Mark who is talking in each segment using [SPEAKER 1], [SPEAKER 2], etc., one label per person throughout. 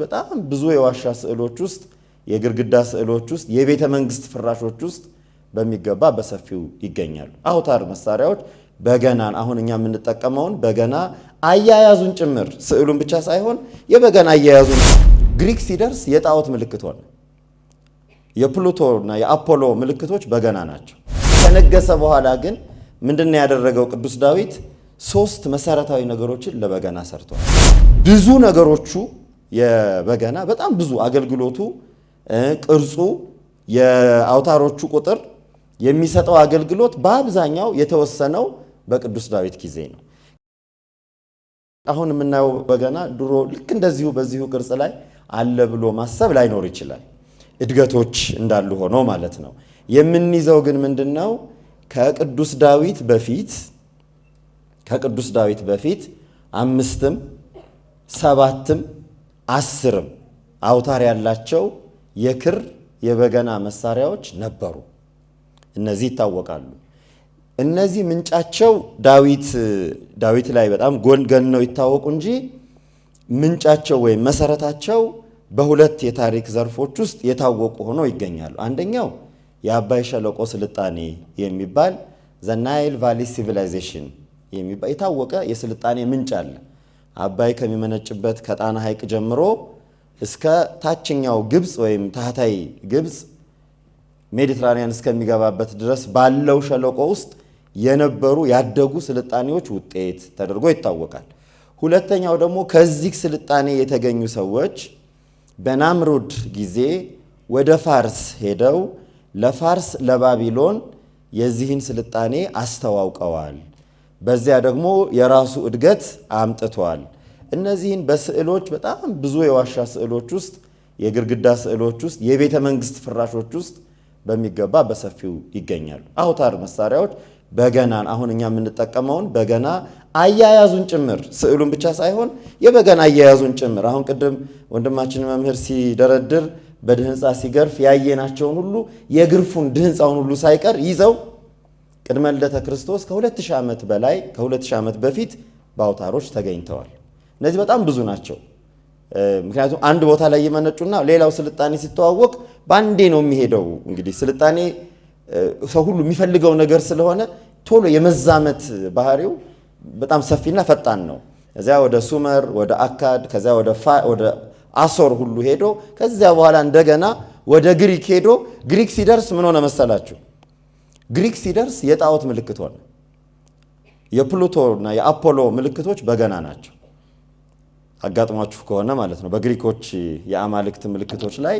[SPEAKER 1] በጣም ብዙ የዋሻ ስዕሎች ውስጥ፣ የግርግዳ ስዕሎች ውስጥ፣ የቤተ መንግስት ፍራሾች ውስጥ በሚገባ በሰፊው ይገኛሉ። አውታር መሳሪያዎች በገናን አሁን እኛ የምንጠቀመውን በገና አያያዙን ጭምር ስዕሉን ብቻ ሳይሆን የበገና አያያዙን ግሪክ ሲደርስ የጣዖት ምልክት ሆነ። እና የአፖሎ ምልክቶች በገና ናቸው። ከነገሰ በኋላ ግን ምንድን ያደረገው? ቅዱስ ዳዊት ሶስት መሰረታዊ ነገሮችን ለበገና ሰርቷል። ብዙ ነገሮቹ የበገና በጣም ብዙ አገልግሎቱ፣ ቅርጹ፣ የአውታሮቹ ቁጥር የሚሰጠው አገልግሎት በአብዛኛው የተወሰነው በቅዱስ ዳዊት ጊዜ ነው። አሁን የምናየው በገና ድሮ ልክ እንደዚሁ በዚሁ ቅርጽ ላይ አለ ብሎ ማሰብ ላይኖር ይችላል። እድገቶች እንዳሉ ሆኖ ማለት ነው። የምንይዘው ግን ምንድን ነው? ከቅዱስ ዳዊት በፊት ከቅዱስ ዳዊት በፊት አምስትም ሰባትም አስርም አውታር ያላቸው የክር የበገና መሳሪያዎች ነበሩ። እነዚህ ይታወቃሉ። እነዚህ ምንጫቸው ዳዊት ዳዊት ላይ በጣም ጎን ነው ይታወቁ እንጂ ምንጫቸው ወይም መሰረታቸው በሁለት የታሪክ ዘርፎች ውስጥ የታወቁ ሆነው ይገኛሉ። አንደኛው የአባይ ሸለቆ ስልጣኔ የሚባል ዘናይል ቫሊ ሲቪላይዜሽን የሚባል የታወቀ የስልጣኔ ምንጭ አለ። አባይ ከሚመነጭበት ከጣና ሐይቅ ጀምሮ እስከ ታችኛው ግብፅ ወይም ታህታይ ግብፅ ሜዲትራኒያን እስከሚገባበት ድረስ ባለው ሸለቆ ውስጥ የነበሩ ያደጉ ስልጣኔዎች ውጤት ተደርጎ ይታወቃል። ሁለተኛው ደግሞ ከዚህ ስልጣኔ የተገኙ ሰዎች በናምሩድ ጊዜ ወደ ፋርስ ሄደው ለፋርስ ለባቢሎን የዚህን ስልጣኔ አስተዋውቀዋል። በዚያ ደግሞ የራሱ እድገት አምጥቷል። እነዚህን በስዕሎች በጣም ብዙ የዋሻ ስዕሎች ውስጥ፣ የግርግዳ ስዕሎች ውስጥ፣ የቤተ መንግስት ፍራሾች ውስጥ በሚገባ በሰፊው ይገኛሉ። አውታር መሳሪያዎች በገናን አሁን እኛ የምንጠቀመውን በገና አያያዙን ጭምር ስዕሉን ብቻ ሳይሆን የበገና አያያዙን ጭምር አሁን ቅድም ወንድማችን መምህር ሲደረድር በድህንፃ ሲገርፍ ያየናቸውን ሁሉ የግርፉን ድህንፃውን ሁሉ ሳይቀር ይዘው ቅድመ ልደተ ክርስቶስ ከ2000 ዓመት በላይ ከ2000 ዓመት በፊት በአውታሮች ተገኝተዋል። እነዚህ በጣም ብዙ ናቸው። ምክንያቱም አንድ ቦታ ላይ የመነጩና ሌላው ስልጣኔ ሲተዋወቅ በአንዴ ነው የሚሄደው። እንግዲህ ስልጣኔ ሰው ሁሉ የሚፈልገው ነገር ስለሆነ ቶሎ የመዛመት ባህሪው በጣም ሰፊና ፈጣን ነው። እዚያ ወደ ሱመር፣ ወደ አካድ፣ ከዚያ ወደ አሶር ሁሉ ሄዶ ከዚያ በኋላ እንደገና ወደ ግሪክ ሄዶ ግሪክ ሲደርስ ምን ሆነ መሰላችሁ? ግሪክ ሲደርስ የጣዖት ምልክት ሆነ። የፕሉቶ እና የአፖሎ ምልክቶች በገና ናቸው። አጋጥሟችሁ ከሆነ ማለት ነው። በግሪኮች የአማልክት ምልክቶች ላይ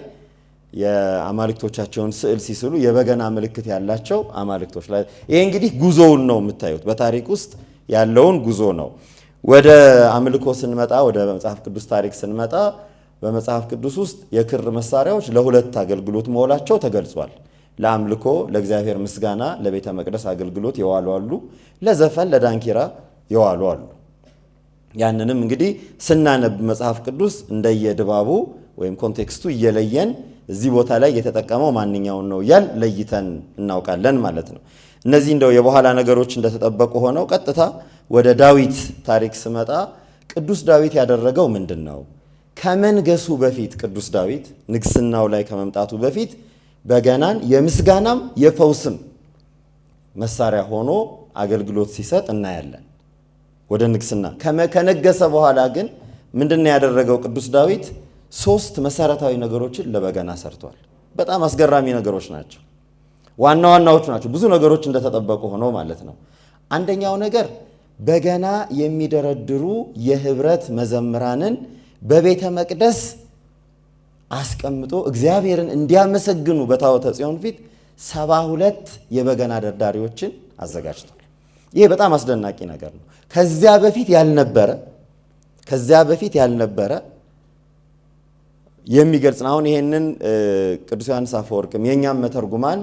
[SPEAKER 1] የአማልክቶቻቸውን ስዕል ሲስሉ የበገና ምልክት ያላቸው አማልክቶች ላይ ይሄ እንግዲህ ጉዞውን ነው የምታዩት። በታሪክ ውስጥ ያለውን ጉዞ ነው። ወደ አምልኮ ስንመጣ፣ ወደ መጽሐፍ ቅዱስ ታሪክ ስንመጣ በመጽሐፍ ቅዱስ ውስጥ የክር መሳሪያዎች ለሁለት አገልግሎት መውላቸው ተገልጿል። ለአምልኮ ለእግዚአብሔር ምስጋና ለቤተ መቅደስ አገልግሎት የዋሉ አሉ፣ ለዘፈን ለዳንኪራ የዋሉ አሉ። ያንንም እንግዲህ ስናነብ መጽሐፍ ቅዱስ እንደየድባቡ ወይም ኮንቴክስቱ እየለየን እዚህ ቦታ ላይ የተጠቀመው ማንኛውን ነው እያል ለይተን እናውቃለን ማለት ነው። እነዚህ እንደው የበኋላ ነገሮች እንደተጠበቁ ሆነው ቀጥታ ወደ ዳዊት ታሪክ ስመጣ ቅዱስ ዳዊት ያደረገው ምንድን ነው? ከመንገሱ በፊት ቅዱስ ዳዊት ንግስናው ላይ ከመምጣቱ በፊት በገናን የምስጋናም የፈውስም መሳሪያ ሆኖ አገልግሎት ሲሰጥ እናያለን። ወደ ንግስና ከነገሰ በኋላ ግን ምንድነው ያደረገው? ቅዱስ ዳዊት ሶስት መሰረታዊ ነገሮችን ለበገና ሰርቷል። በጣም አስገራሚ ነገሮች ናቸው። ዋና ዋናዎቹ ናቸው። ብዙ ነገሮች እንደተጠበቁ ሆኖ ማለት ነው። አንደኛው ነገር በገና የሚደረድሩ የህብረት መዘምራንን በቤተ መቅደስ አስቀምጦ እግዚአብሔርን እንዲያመሰግኑ በታቦተ ጽዮን ፊት ሰባ ሁለት የበገና ደርዳሪዎችን አዘጋጅቷል። ይሄ በጣም አስደናቂ ነገር ነው። ከዚያ በፊት ያልነበረ ከዚያ በፊት ያልነበረ የሚገልጽ ነው። አሁን ይሄንን ቅዱስ ዮሐንስ አፈወርቅም የእኛም መተርጉማን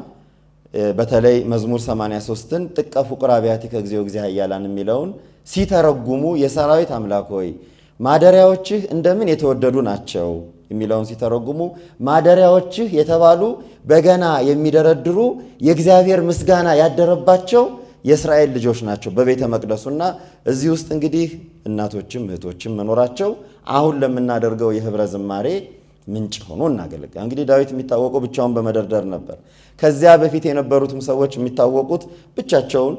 [SPEAKER 1] በተለይ መዝሙር 83ን ጥቀ ፍቁር አብያቲከ እግዚኦ እግዚእ ኃያላን የሚለውን ሲተረጉሙ የሰራዊት አምላክ ሆይ ማደሪያዎችህ እንደምን የተወደዱ ናቸው የሚለውን ሲተረጉሙ ማደሪያዎችህ የተባሉ በገና የሚደረድሩ የእግዚአብሔር ምስጋና ያደረባቸው የእስራኤል ልጆች ናቸው በቤተ መቅደሱና እዚህ ውስጥ እንግዲህ እናቶችም እህቶችም መኖራቸው አሁን ለምናደርገው የህብረ ዝማሬ ምንጭ ሆኖ እናገለግል። እንግዲህ ዳዊት የሚታወቀው ብቻውን በመደርደር ነበር። ከዚያ በፊት የነበሩትም ሰዎች የሚታወቁት ብቻቸውን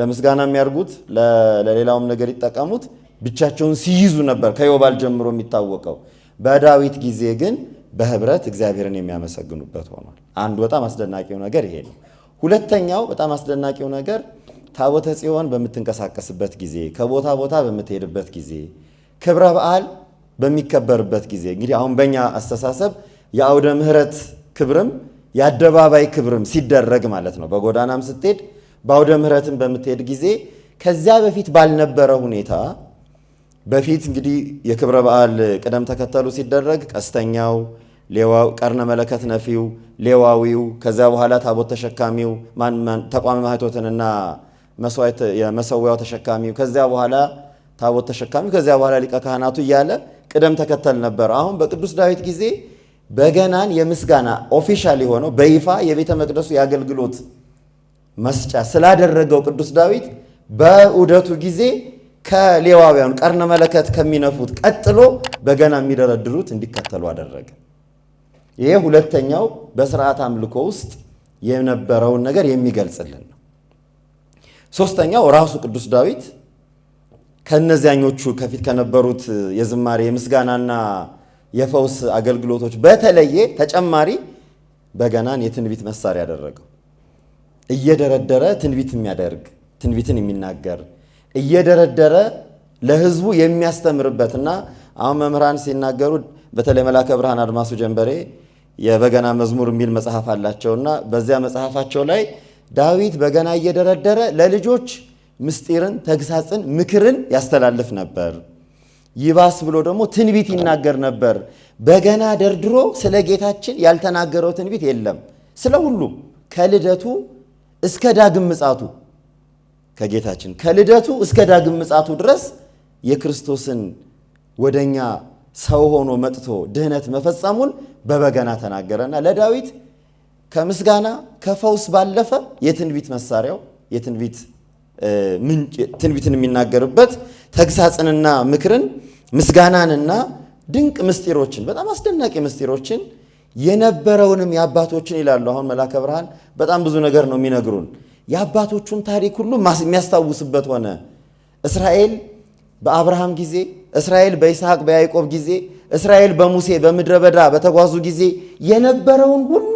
[SPEAKER 1] ለምስጋና የሚያርጉት ለሌላውም ነገር ይጠቀሙት ብቻቸውን ሲይዙ ነበር። ከዮባል ጀምሮ የሚታወቀው በዳዊት ጊዜ ግን በህብረት እግዚአብሔርን የሚያመሰግኑበት ሆኗል። አንዱ በጣም አስደናቂው ነገር ይሄ ነው። ሁለተኛው በጣም አስደናቂው ነገር ታቦተ ጽዮን በምትንቀሳቀስበት ጊዜ፣ ከቦታ ቦታ በምትሄድበት ጊዜ፣ ክብረ በዓል በሚከበርበት ጊዜ እንግዲህ አሁን በእኛ አስተሳሰብ የአውደ ምሕረት ክብርም የአደባባይ ክብርም ሲደረግ ማለት ነው። በጎዳናም ስትሄድ በአውደ ምሕረትም በምትሄድ ጊዜ ከዚያ በፊት ባልነበረ ሁኔታ በፊት እንግዲህ የክብረ በዓል ቅደም ተከተሉ ሲደረግ ቀስተኛው፣ ቀርነ መለከት ነፊው፣ ሌዋዊው፣ ከዚያ በኋላ ታቦት ተሸካሚው፣ ተቋሚ ማኅቶትንና የመሰዊያው ተሸካሚው፣ ከዚያ በኋላ ታቦት ተሸካሚው፣ ከዚያ በኋላ ሊቀ ካህናቱ እያለ ቅደም ተከተል ነበር። አሁን በቅዱስ ዳዊት ጊዜ በገናን የምስጋና ኦፊሻል የሆነው በይፋ የቤተ መቅደሱ የአገልግሎት መስጫ ስላደረገው ቅዱስ ዳዊት በዑደቱ ጊዜ ከሌዋውያኑ ቀርነ መለከት ከሚነፉት ቀጥሎ በገና የሚደረድሩት እንዲከተሉ አደረገ። ይሄ ሁለተኛው በስርዓት አምልኮ ውስጥ የነበረውን ነገር የሚገልጽልን ነው። ሶስተኛው ራሱ ቅዱስ ዳዊት ከእነዚያኞቹ ከፊት ከነበሩት የዝማሬ የምስጋናና የፈውስ አገልግሎቶች በተለየ ተጨማሪ በገናን የትንቢት መሳሪያ ያደረገው እየደረደረ ትንቢት የሚያደርግ ትንቢትን የሚናገር እየደረደረ ለህዝቡ የሚያስተምርበትና አሁን መምህራን ሲናገሩ በተለይ መላከ ብርሃን አድማሱ ጀንበሬ የበገና መዝሙር የሚል መጽሐፍ አላቸውና በዚያ መጽሐፋቸው ላይ ዳዊት በገና እየደረደረ ለልጆች ምስጢርን፣ ተግሳጽን፣ ምክርን ያስተላልፍ ነበር። ይባስ ብሎ ደግሞ ትንቢት ይናገር ነበር። በገና ደርድሮ ስለ ጌታችን ያልተናገረው ትንቢት የለም። ስለ ሁሉም ከልደቱ እስከ ዳግም ምጻቱ ከጌታችን ከልደቱ እስከ ዳግም ምጻቱ ድረስ የክርስቶስን ወደኛ ሰው ሆኖ መጥቶ ድህነት መፈጸሙን በበገና ተናገረና ለዳዊት ከምስጋና ከፈውስ ባለፈ የትንቢት መሳሪያው የትንቢት ምንጭ ትንቢትን የሚናገርበት ተግሳጽንና ምክርን ምስጋናንና ድንቅ ምስጢሮችን በጣም አስደናቂ ምስጢሮችን የነበረውንም የአባቶችን ይላሉ። አሁን መላከ ብርሃን በጣም ብዙ ነገር ነው የሚነግሩን የአባቶቹን ታሪክ ሁሉ የሚያስታውስበት ሆነ። እስራኤል በአብርሃም ጊዜ፣ እስራኤል በይስሐቅ በያዕቆብ ጊዜ፣ እስራኤል በሙሴ በምድረ በዳ በተጓዙ ጊዜ የነበረውን ሁሉ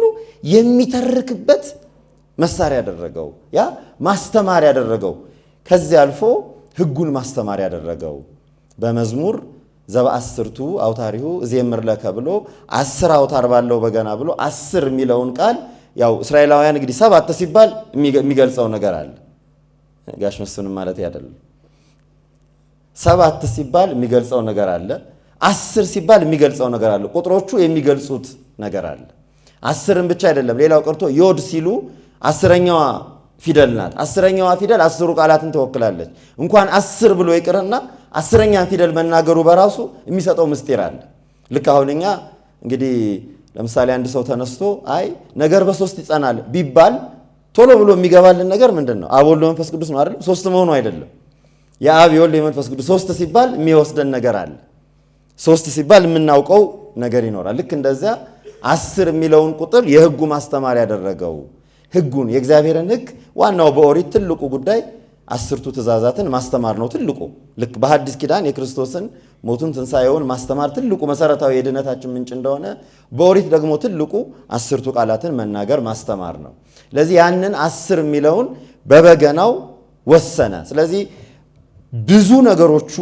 [SPEAKER 1] የሚተርክበት መሳሪያ ያደረገው ያ ማስተማር ያደረገው ከዚህ አልፎ ሕጉን ማስተማር ያደረገው በመዝሙር ዘበአስርቱ አውታሪሁ እዜምር ለከ ብሎ አስር አውታር ባለው በገና ብሎ አስር የሚለውን ቃል ያው እስራኤላውያን እንግዲህ ሰባት ሲባል የሚገልጸው ነገር አለ። ጋሽ መስፍንም ማለት አይደለም። ሰባት ሲባል የሚገልጸው ነገር አለ። አስር ሲባል የሚገልጸው ነገር አለ። ቁጥሮቹ የሚገልጹት ነገር አለ። አስርን ብቻ አይደለም። ሌላው ቀርቶ ዮድ ሲሉ አስረኛዋ ፊደል ናት። አስረኛዋ ፊደል አስሩ ቃላትን ትወክላለች። እንኳን አስር ብሎ ይቅርና አስረኛን ፊደል መናገሩ በራሱ የሚሰጠው ምስጢር አለ። ልክ አሁን እኛ እንግዲህ ለምሳሌ አንድ ሰው ተነስቶ አይ ነገር በሶስት ይጸናል ቢባል ቶሎ ብሎ የሚገባልን ነገር ምንድን ነው? አብ ወልድ መንፈስ ቅዱስ ነው አይደለም? ሶስት መሆኑ አይደለም። የአብ የወልድ የመንፈስ ቅዱስ ሶስት ሲባል የሚወስደን ነገር አለ። ሶስት ሲባል የምናውቀው ነገር ይኖራል። ልክ እንደዚያ አስር የሚለውን ቁጥር የህጉ ማስተማር ያደረገው ህጉን የእግዚአብሔርን ህግ ዋናው በኦሪት ትልቁ ጉዳይ አስርቱ ትእዛዛትን ማስተማር ነው ትልቁ። ልክ በሐዲስ ኪዳን የክርስቶስን ሞቱን ትንሣኤውን ማስተማር ትልቁ መሰረታዊ የድነታችን ምንጭ እንደሆነ በኦሪት ደግሞ ትልቁ አስርቱ ቃላትን መናገር ማስተማር ነው። ስለዚህ ያንን አስር የሚለውን በበገናው ወሰነ። ስለዚህ ብዙ ነገሮቹ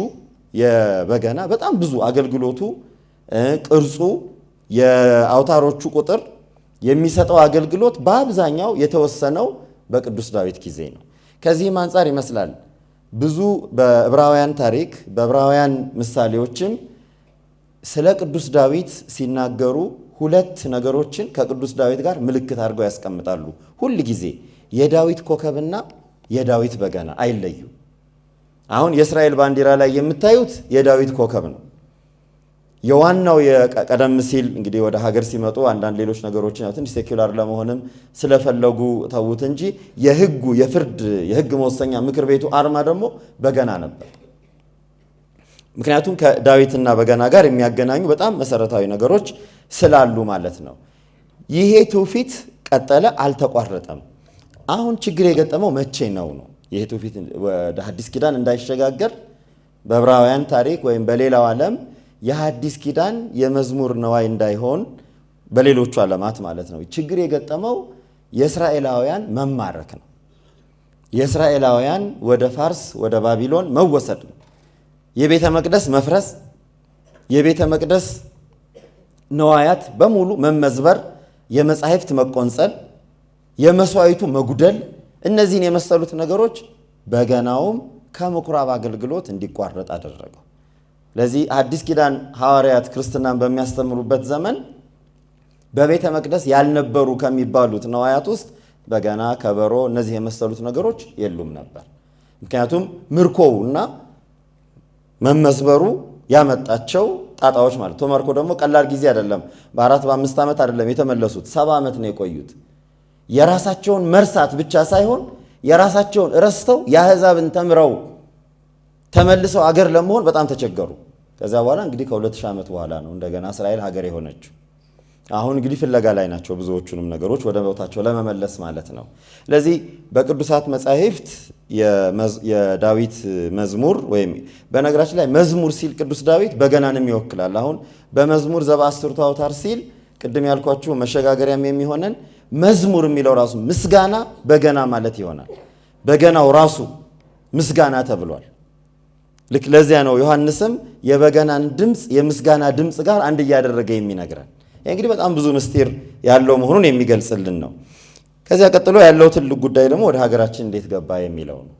[SPEAKER 1] የበገና በጣም ብዙ አገልግሎቱ፣ ቅርጹ፣ የአውታሮቹ ቁጥር የሚሰጠው አገልግሎት በአብዛኛው የተወሰነው በቅዱስ ዳዊት ጊዜ ነው። ከዚህም አንጻር ይመስላል ብዙ በዕብራውያን ታሪክ በዕብራውያን ምሳሌዎችን ስለ ቅዱስ ዳዊት ሲናገሩ ሁለት ነገሮችን ከቅዱስ ዳዊት ጋር ምልክት አድርገው ያስቀምጣሉ። ሁል ጊዜ የዳዊት ኮከብና የዳዊት በገና አይለዩ። አሁን የእስራኤል ባንዲራ ላይ የምታዩት የዳዊት ኮከብ ነው። የዋናው ቀደም ሲል እንግዲህ ወደ ሀገር ሲመጡ አንዳንድ ሌሎች ነገሮችን ያው ትንሽ ሴኩላር ለመሆንም ስለፈለጉ ተዉት እንጂ የህጉ የፍርድ የህግ መወሰኛ ምክር ቤቱ አርማ ደግሞ በገና ነበር። ምክንያቱም ከዳዊትና በገና ጋር የሚያገናኙ በጣም መሰረታዊ ነገሮች ስላሉ ማለት ነው። ይሄ ትውፊት ቀጠለ፣ አልተቋረጠም። አሁን ችግር የገጠመው መቼ ነው ነው ይሄ ትውፊት ወደ አዲስ ኪዳን እንዳይሸጋገር በዕብራውያን ታሪክ ወይም በሌላው ዓለም የሐዲስ ኪዳን የመዝሙር ነዋይ እንዳይሆን በሌሎቹ ዓለማት ማለት ነው። ችግር የገጠመው የእስራኤላውያን መማረክ ነው። የእስራኤላውያን ወደ ፋርስ ወደ ባቢሎን መወሰድ ነው። የቤተ መቅደስ መፍረስ፣ የቤተ መቅደስ ነዋያት በሙሉ መመዝበር፣ የመጻሕፍት መቆንጸል፣ የመስዋዕቱ መጉደል፣ እነዚህን የመሰሉት ነገሮች በገናውም ከምኩራብ አገልግሎት እንዲቋረጥ አደረገው። ለዚህ አዲስ ኪዳን ሐዋርያት ክርስትናን በሚያስተምሩበት ዘመን በቤተ መቅደስ ያልነበሩ ከሚባሉት ነዋያት ውስጥ በገና፣ ከበሮ፣ እነዚህ የመሰሉት ነገሮች የሉም ነበር። ምክንያቱም ምርኮው እና መመስበሩ ያመጣቸው ጣጣዎች ማለት ተማርኮ ደግሞ ቀላል ጊዜ አይደለም። በአራት በአምስት ዓመት አይደለም የተመለሱት፣ ሰባ ዓመት ነው የቆዩት። የራሳቸውን መርሳት ብቻ ሳይሆን የራሳቸውን ረስተው የአሕዛብን ተምረው ተመልሰው አገር ለመሆን በጣም ተቸገሩ። ከዚ በኋላ እንግዲህ ከ ሺህ ዓመት በኋላ ነው እንደገና እስራኤል ሀገር የሆነችው። አሁን እንግዲህ ፍለጋ ላይ ናቸው ብዙዎቹንም ነገሮች ወደ ቦታቸው ለመመለስ ማለት ነው። ስለዚህ በቅዱሳት መጻሕፍት የዳዊት መዝሙር ወይም በነገራችን ላይ መዝሙር ሲል ቅዱስ ዳዊት በገናንም ይወክላል። አሁን በመዝሙር ዘበአስርቱ አውታር ሲል ቅድም ያልኳችሁ መሸጋገሪያም የሚሆነን መዝሙር የሚለው ራሱ ምስጋና በገና ማለት ይሆናል። በገናው ራሱ ምስጋና ተብሏል። ልክ ለዚያ ነው ዮሐንስም የበገናን ድምፅ የምስጋና ድምፅ ጋር አንድ እያደረገ የሚነግረን። ይህ እንግዲህ በጣም ብዙ ምስጢር ያለው መሆኑን የሚገልጽልን ነው። ከዚያ ቀጥሎ ያለው ትልቅ ጉዳይ ደግሞ ወደ ሀገራችን እንዴት ገባ የሚለው ነው።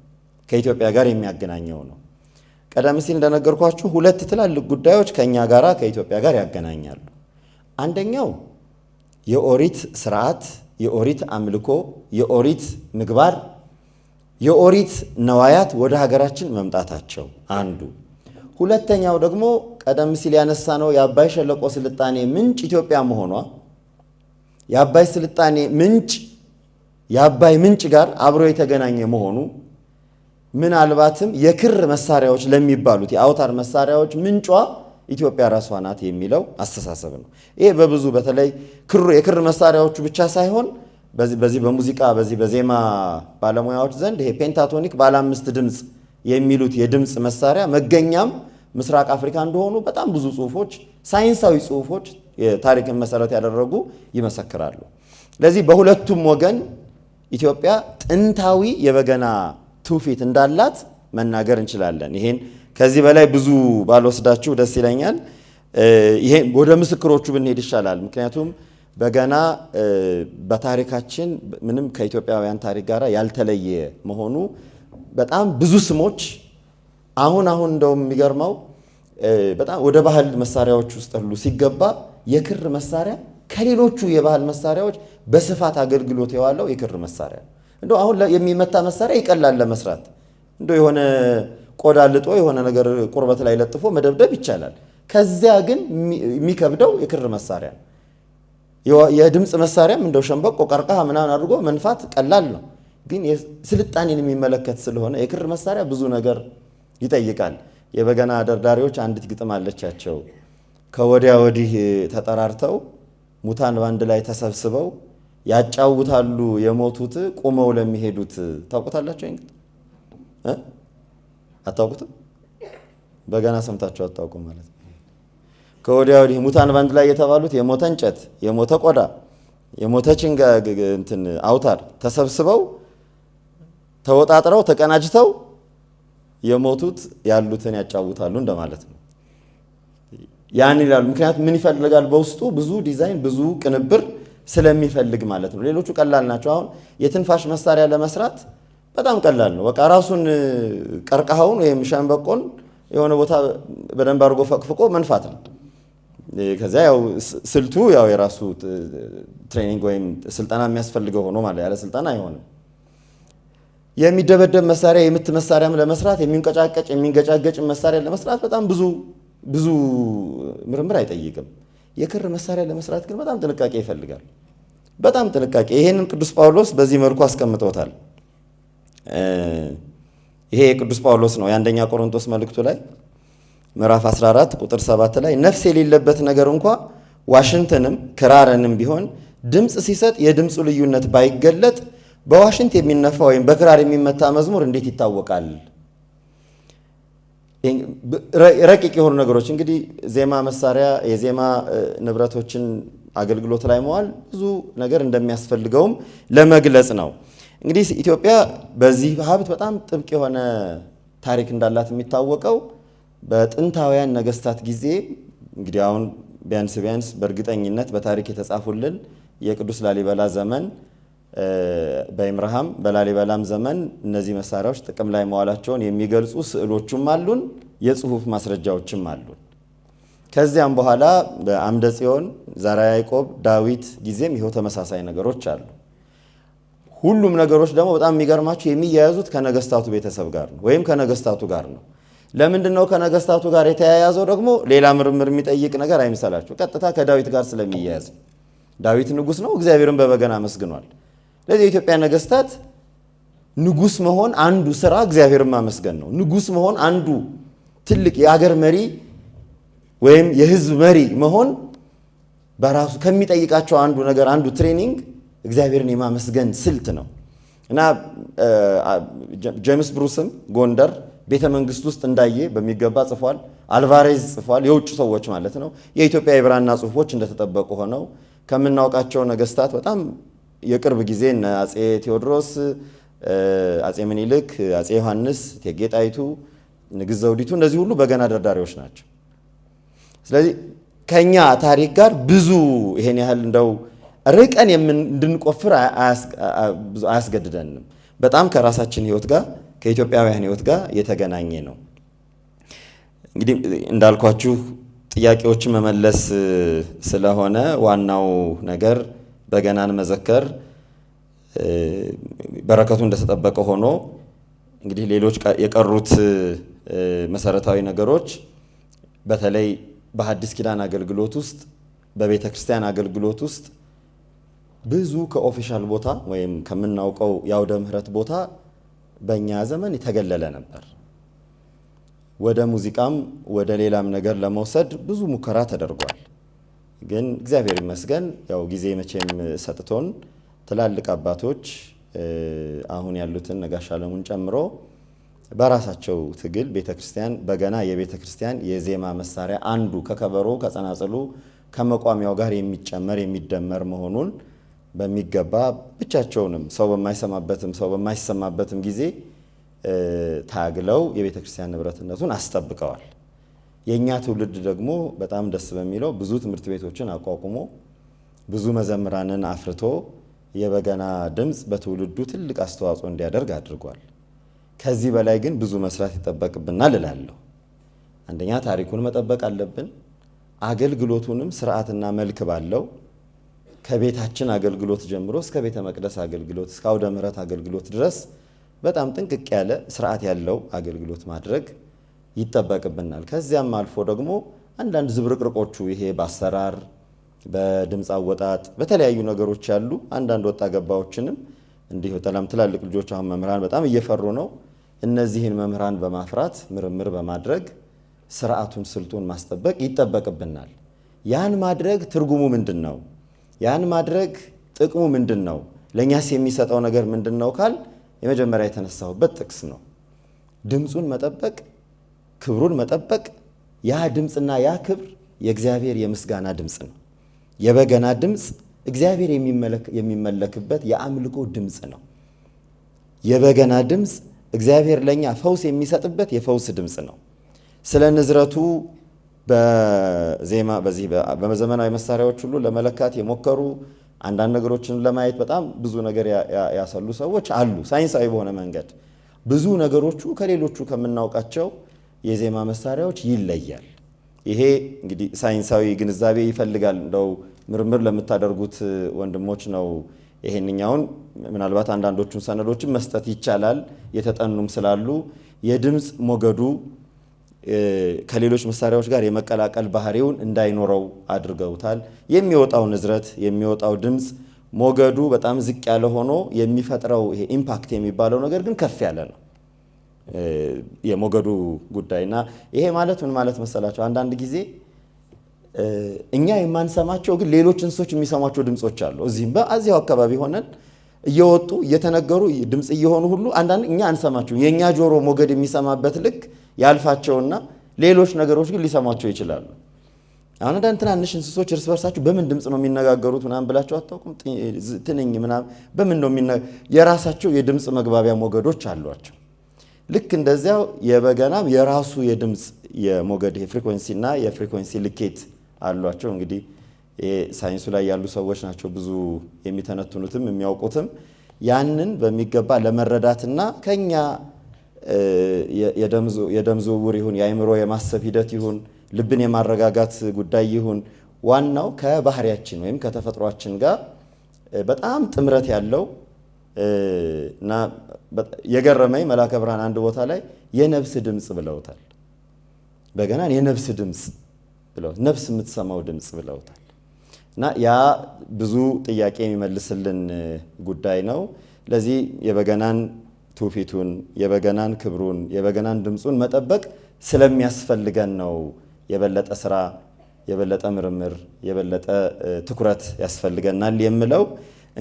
[SPEAKER 1] ከኢትዮጵያ ጋር የሚያገናኘው ነው። ቀደም ሲል እንደነገርኳችሁ ሁለት ትላልቅ ጉዳዮች ከእኛ ጋር ከኢትዮጵያ ጋር ያገናኛሉ። አንደኛው የኦሪት ስርዓት፣ የኦሪት አምልኮ፣ የኦሪት ምግባር የኦሪት ነዋያት ወደ ሀገራችን መምጣታቸው አንዱ። ሁለተኛው ደግሞ ቀደም ሲል ያነሳ ነው የአባይ ሸለቆ ስልጣኔ ምንጭ ኢትዮጵያ መሆኗ የአባይ ስልጣኔ ምንጭ የአባይ ምንጭ ጋር አብሮ የተገናኘ መሆኑ ምናልባትም የክር መሳሪያዎች ለሚባሉት የአውታር መሳሪያዎች ምንጯ ኢትዮጵያ ራሷ ናት የሚለው አስተሳሰብ ነው። ይሄ በብዙ በተለይ የክር መሳሪያዎቹ ብቻ ሳይሆን በዚህ በሙዚቃ በዚህ በዜማ ባለሙያዎች ዘንድ ይሄ ፔንታቶኒክ ባለ አምስት ድምፅ የሚሉት የድምፅ መሳሪያ መገኛም ምስራቅ አፍሪካ እንደሆኑ በጣም ብዙ ጽሁፎች፣ ሳይንሳዊ ጽሁፎች የታሪክን መሰረት ያደረጉ ይመሰክራሉ። ለዚህ በሁለቱም ወገን ኢትዮጵያ ጥንታዊ የበገና ትውፊት እንዳላት መናገር እንችላለን። ይሄን ከዚህ በላይ ብዙ ባልወስዳችሁ ደስ ይለኛል። ይሄ ወደ ምስክሮቹ ብንሄድ ይሻላል ምክንያቱም በገና በታሪካችን ምንም ከኢትዮጵያውያን ታሪክ ጋር ያልተለየ መሆኑ በጣም ብዙ ስሞች አሁን አሁን እንደው የሚገርመው በጣም ወደ ባህል መሳሪያዎች ውስጥ ሁሉ ሲገባ የክር መሳሪያ ከሌሎቹ የባህል መሳሪያዎች በስፋት አገልግሎት የዋለው የክር መሳሪያ እንደው አሁን የሚመታ መሳሪያ ይቀላል ለመስራት እንደው የሆነ ቆዳ ልጦ የሆነ ነገር ቁርበት ላይ ለጥፎ መደብደብ ይቻላል። ከዚያ ግን የሚከብደው የክር መሳሪያ ነው። የድምፅ መሳሪያም እንደው ሸንበቆ ቀርቀሃ ምናምን አድርጎ መንፋት ቀላል ነው፣ ግን ስልጣኔን የሚመለከት ስለሆነ የክር መሳሪያ ብዙ ነገር ይጠይቃል። የበገና ደርዳሪዎች አንዲት ግጥም አለቻቸው። ከወዲያ ወዲህ ተጠራርተው ሙታን በአንድ ላይ ተሰብስበው ያጫውታሉ የሞቱት ቁመው ለሚሄዱት። ታውቁታላቸው? አታውቁትም? በገና ሰምታቸው አታውቁም ማለት ነው። ከወዲያ ወዲህ ሙታን ባንድ ላይ የተባሉት የሞተ እንጨት፣ የሞተ ቆዳ፣ የሞተ ችንጋ እንትን አውታር ተሰብስበው ተወጣጥረው ተቀናጅተው የሞቱት ያሉትን ያጫውታሉ እንደማለት ነው። ያን ይላሉ። ምክንያቱም ምን ይፈልጋል? በውስጡ ብዙ ዲዛይን፣ ብዙ ቅንብር ስለሚፈልግ ማለት ነው። ሌሎቹ ቀላል ናቸው። አሁን የትንፋሽ መሳሪያ ለመስራት በጣም ቀላል ነው። በቃ ራሱን ቀርቀሃውን ወይም ሸንበቆን የሆነ ቦታ በደንብ አድርጎ ፈቅፍቆ መንፋት ነው። ከዚያ ያው ስልቱ ያው የራሱ ትሬኒንግ ወይም ስልጠና የሚያስፈልገው ሆኖ ማለት ያለ ስልጠና አይሆንም። የሚደበደብ መሳሪያ የምት መሳሪያም ለመስራት የሚንቀጫቀጭ የሚንገጫገጭ መሳሪያ ለመስራት በጣም ብዙ ብዙ ምርምር አይጠይቅም። የክር መሳሪያ ለመስራት ግን በጣም ጥንቃቄ ይፈልጋል። በጣም ጥንቃቄ። ይሄንን ቅዱስ ጳውሎስ በዚህ መልኩ አስቀምጦታል። ይሄ የቅዱስ ጳውሎስ ነው የአንደኛ ቆሮንቶስ መልእክቱ ላይ ምዕራፍ 14 ቁጥር 7 ላይ ነፍስ የሌለበት ነገር እንኳ ዋሽንትንም ክራርንም ቢሆን ድምፅ ሲሰጥ የድምፁ ልዩነት ባይገለጥ በዋሽንት የሚነፋ ወይም በክራር የሚመታ መዝሙር እንዴት ይታወቃል? ረቂቅ የሆኑ ነገሮች እንግዲህ ዜማ መሳሪያ የዜማ ንብረቶችን አገልግሎት ላይ መዋል ብዙ ነገር እንደሚያስፈልገውም ለመግለጽ ነው። እንግዲህ ኢትዮጵያ በዚህ ሀብት በጣም ጥብቅ የሆነ ታሪክ እንዳላት የሚታወቀው በጥንታውያን ነገስታት ጊዜ እንግዲህ አሁን ቢያንስ ቢያንስ በእርግጠኝነት በታሪክ የተጻፉልን የቅዱስ ላሊበላ ዘመን በኢምርሃም በላሊበላም ዘመን እነዚህ መሳሪያዎች ጥቅም ላይ መዋላቸውን የሚገልጹ ስዕሎችም አሉን፣ የጽሁፍ ማስረጃዎችም አሉን። ከዚያም በኋላ በአምደ ጽዮን፣ ዛራ ያዕቆብ፣ ዳዊት ጊዜም ይኸው ተመሳሳይ ነገሮች አሉ። ሁሉም ነገሮች ደግሞ በጣም የሚገርማቸው የሚያያዙት ከነገስታቱ ቤተሰብ ጋር ነው ወይም ከነገስታቱ ጋር ነው። ለምንድን ነው ከነገስታቱ ጋር የተያያዘው? ደግሞ ሌላ ምርምር የሚጠይቅ ነገር አይምሰላችሁ። ቀጥታ ከዳዊት ጋር ስለሚያያዝ ዳዊት ንጉስ ነው፣ እግዚአብሔርን በበገና አመስግኗል። ስለዚህ የኢትዮጵያ ነገስታት ንጉስ መሆን አንዱ ስራ እግዚአብሔርን ማመስገን ነው። ንጉስ መሆን አንዱ ትልቅ የአገር መሪ ወይም የህዝብ መሪ መሆን በራሱ ከሚጠይቃቸው አንዱ ነገር አንዱ ትሬኒንግ እግዚአብሔርን የማመስገን ስልት ነው እና ጄምስ ብሩስም ጎንደር ቤተ መንግስት ውስጥ እንዳየ በሚገባ ጽፏል። አልቫሬዝ ጽፏል። የውጭ ሰዎች ማለት ነው። የኢትዮጵያ የብራና ጽሁፎች እንደተጠበቁ ሆነው ከምናውቃቸው ነገስታት በጣም የቅርብ ጊዜ እነ አጼ ቴዎድሮስ፣ አጼ ምኒልክ፣ አጼ ዮሐንስ፣ እቴጌ ጣይቱ፣ ዘውዲቱ እነዚህ ሁሉ በገና ደርዳሪዎች ናቸው። ስለዚህ ከኛ ታሪክ ጋር ብዙ ይሄን ያህል እንደው ርቀን እንድንቆፍር አያስገድደንም። በጣም ከራሳችን ህይወት ጋር ከኢትዮጵያውያን ህይወት ጋር የተገናኘ ነው። እንግዲህ እንዳልኳችሁ ጥያቄዎችን መመለስ ስለሆነ ዋናው ነገር በገናን መዘከር በረከቱ እንደተጠበቀ ሆኖ እንግዲህ ሌሎች የቀሩት መሰረታዊ ነገሮች በተለይ በሐዲስ ኪዳን አገልግሎት ውስጥ በቤተ ክርስቲያን አገልግሎት ውስጥ ብዙ ከኦፊሻል ቦታ ወይም ከምናውቀው የአውደ ምሕረት ቦታ በእኛ ዘመን የተገለለ ነበር። ወደ ሙዚቃም ወደ ሌላም ነገር ለመውሰድ ብዙ ሙከራ ተደርጓል። ግን እግዚአብሔር ይመስገን ያው ጊዜ መቼም ሰጥቶን ትላልቅ አባቶች አሁን ያሉትን ነጋሽ አለሙን ጨምሮ በራሳቸው ትግል ቤተ ክርስቲያን በገና የቤተ ክርስቲያን የዜማ መሳሪያ አንዱ ከከበሮ ከጸናጽሉ ከመቋሚያው ጋር የሚጨመር የሚደመር መሆኑን በሚገባ ብቻቸውንም ሰው በማይሰማበትም ሰው በማይሰማበትም ጊዜ ታግለው የቤተ ክርስቲያን ንብረትነቱን አስጠብቀዋል። የእኛ ትውልድ ደግሞ በጣም ደስ በሚለው ብዙ ትምህርት ቤቶችን አቋቁሞ ብዙ መዘምራንን አፍርቶ የበገና ድምፅ በትውልዱ ትልቅ አስተዋጽኦ እንዲያደርግ አድርጓል። ከዚህ በላይ ግን ብዙ መስራት ይጠበቅብናል እላለሁ። አንደኛ ታሪኩን መጠበቅ አለብን። አገልግሎቱንም ስርዓትና መልክ ባለው ከቤታችን አገልግሎት ጀምሮ እስከ ቤተ መቅደስ አገልግሎት እስከ አውደ ምሕረት አገልግሎት ድረስ በጣም ጥንቅቅ ያለ ስርዓት ያለው አገልግሎት ማድረግ ይጠበቅብናል። ከዚያም አልፎ ደግሞ አንዳንድ ዝብርቅርቆቹ ይሄ በአሰራር በድምፅ አወጣጥ በተለያዩ ነገሮች ያሉ አንዳንድ ወጣ ገባዎችንም እንዲህ በጣም ትላልቅ ልጆች አሁን መምህራን በጣም እየፈሩ ነው። እነዚህን መምህራን በማፍራት ምርምር በማድረግ ስርዓቱን ስልቱን ማስጠበቅ ይጠበቅብናል። ያን ማድረግ ትርጉሙ ምንድን ነው? ያን ማድረግ ጥቅሙ ምንድን ነው? ለእኛስ የሚሰጠው ነገር ምንድን ነው ካል የመጀመሪያ የተነሳሁበት ጥቅስ ነው። ድምፁን መጠበቅ፣ ክብሩን መጠበቅ። ያ ድምፅና ያ ክብር የእግዚአብሔር የምስጋና ድምፅ ነው። የበገና ድምፅ እግዚአብሔር የሚመለክበት የአምልኮ ድምፅ ነው። የበገና ድምፅ እግዚአብሔር ለእኛ ፈውስ የሚሰጥበት የፈውስ ድምፅ ነው። ስለ ንዝረቱ በዜማ በዚህ በዘመናዊ መሳሪያዎች ሁሉ ለመለካት የሞከሩ አንዳንድ ነገሮችን ለማየት በጣም ብዙ ነገር ያሰሉ ሰዎች አሉ። ሳይንሳዊ በሆነ መንገድ ብዙ ነገሮቹ ከሌሎቹ ከምናውቃቸው የዜማ መሳሪያዎች ይለያል። ይሄ እንግዲህ ሳይንሳዊ ግንዛቤ ይፈልጋል። እንደው ምርምር ለምታደርጉት ወንድሞች ነው ይሄንኛውን ምናልባት አንዳንዶቹን ሰነዶችን መስጠት ይቻላል የተጠኑም ስላሉ የድምፅ ሞገዱ ከሌሎች መሳሪያዎች ጋር የመቀላቀል ባህሪውን እንዳይኖረው አድርገውታል። የሚወጣው ንዝረት የሚወጣው ድምፅ ሞገዱ በጣም ዝቅ ያለ ሆኖ የሚፈጥረው ይሄ ኢምፓክት የሚባለው ነገር ግን ከፍ ያለ ነው የሞገዱ ጉዳይና ይሄ ማለት ምን ማለት መሰላቸው? አንዳንድ ጊዜ እኛ የማንሰማቸው ግን ሌሎች እንስሶች የሚሰሟቸው ድምፆች አሉ። እዚህም በዚያው አካባቢ ሆነን እየወጡ እየተነገሩ ድምፅ እየሆኑ ሁሉ አንዳንድ እኛ አንሰማቸው የእኛ ጆሮ ሞገድ የሚሰማበት ልክ ያልፋቸውና ሌሎች ነገሮች ግን ሊሰማቸው ይችላሉ። አሁን አንዳንድ ትናንሽ እንስሶች እርስ በርሳቸው በምን ድምፅ ነው የሚነጋገሩት ምናምን ብላቸው አታውቁም? ትንኝ ምናምን በምን ነው የራሳቸው የድምፅ መግባቢያ ሞገዶች አሏቸው። ልክ እንደዚያው የበገናም የራሱ የድምፅ የሞገድ የፍሪኮንሲና የፍሪኮንሲ ልኬት አሏቸው። እንግዲህ ሳይንሱ ላይ ያሉ ሰዎች ናቸው ብዙ የሚተነትኑትም የሚያውቁትም ያንን በሚገባ ለመረዳትና ከኛ የደም ዝውውር ይሁን የአይምሮ የማሰብ ሂደት ይሁን ልብን የማረጋጋት ጉዳይ ይሁን ዋናው ከባህሪያችን ወይም ከተፈጥሯችን ጋር በጣም ጥምረት ያለው እና የገረመኝ መላከ ብርሃን አንድ ቦታ ላይ የነፍስ ድምፅ ብለውታል። በገና የነብስ ድምፅ ብለው ነብስ የምትሰማው ድምፅ ብለውታል እና ያ ብዙ ጥያቄ የሚመልስልን ጉዳይ ነው። ለዚህ የበገናን ትውፊቱን፣ የበገናን ክብሩን፣ የበገናን ድምፁን መጠበቅ ስለሚያስፈልገን ነው የበለጠ ስራ፣ የበለጠ ምርምር፣ የበለጠ ትኩረት ያስፈልገናል የምለው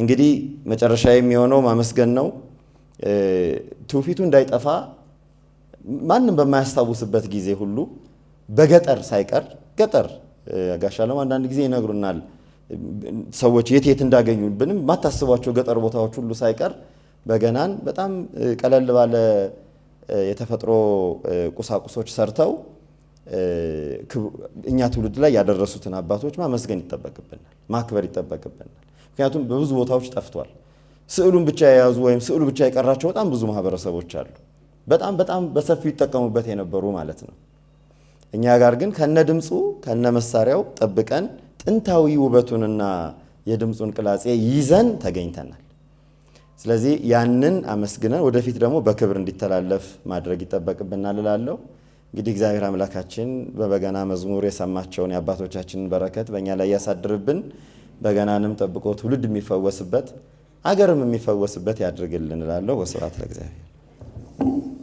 [SPEAKER 1] እንግዲህ መጨረሻ የሚሆነው ማመስገን ነው። ትውፊቱ እንዳይጠፋ ማንም በማያስታውስበት ጊዜ ሁሉ በገጠር ሳይቀር ገጠር ጋሻ አንዳንድ ጊዜ ይነግሩናል ሰዎች የት የት ብንም ማታስቧቸው ገጠር ቦታዎች ሁሉ ሳይቀር በገናን በጣም ቀለል ባለ የተፈጥሮ ቁሳቁሶች ሰርተው እኛ ትውልድ ላይ ያደረሱትን አባቶች ማመስገን ይጠበቅብናል፣ ማክበር ይጠበቅብናል። ምክንያቱም በብዙ ቦታዎች ጠፍቷል። ስዕሉን ብቻ የያዙ ወይም ስዕሉ ብቻ የቀራቸው በጣም ብዙ ማህበረሰቦች አሉ። በጣም በጣም በሰፊው ይጠቀሙበት የነበሩ ማለት ነው። እኛ ጋር ግን ከነ ድምፁ ከነ መሳሪያው ጠብቀን ጥንታዊ ውበቱንና የድምፁን ቅላጼ ይዘን ተገኝተናል። ስለዚህ ያንን አመስግነን ወደፊት ደግሞ በክብር እንዲተላለፍ ማድረግ ይጠበቅብናል እላለሁ። እንግዲህ እግዚአብሔር አምላካችን በበገና መዝሙር የሰማቸውን የአባቶቻችንን በረከት በእኛ ላይ ያሳድርብን። በገናንም ጠብቆ ትውልድ የሚፈወስበት አገርም የሚፈወስበት ያድርግልን እላለሁ። ወስብሐት ለእግዚአብሔር።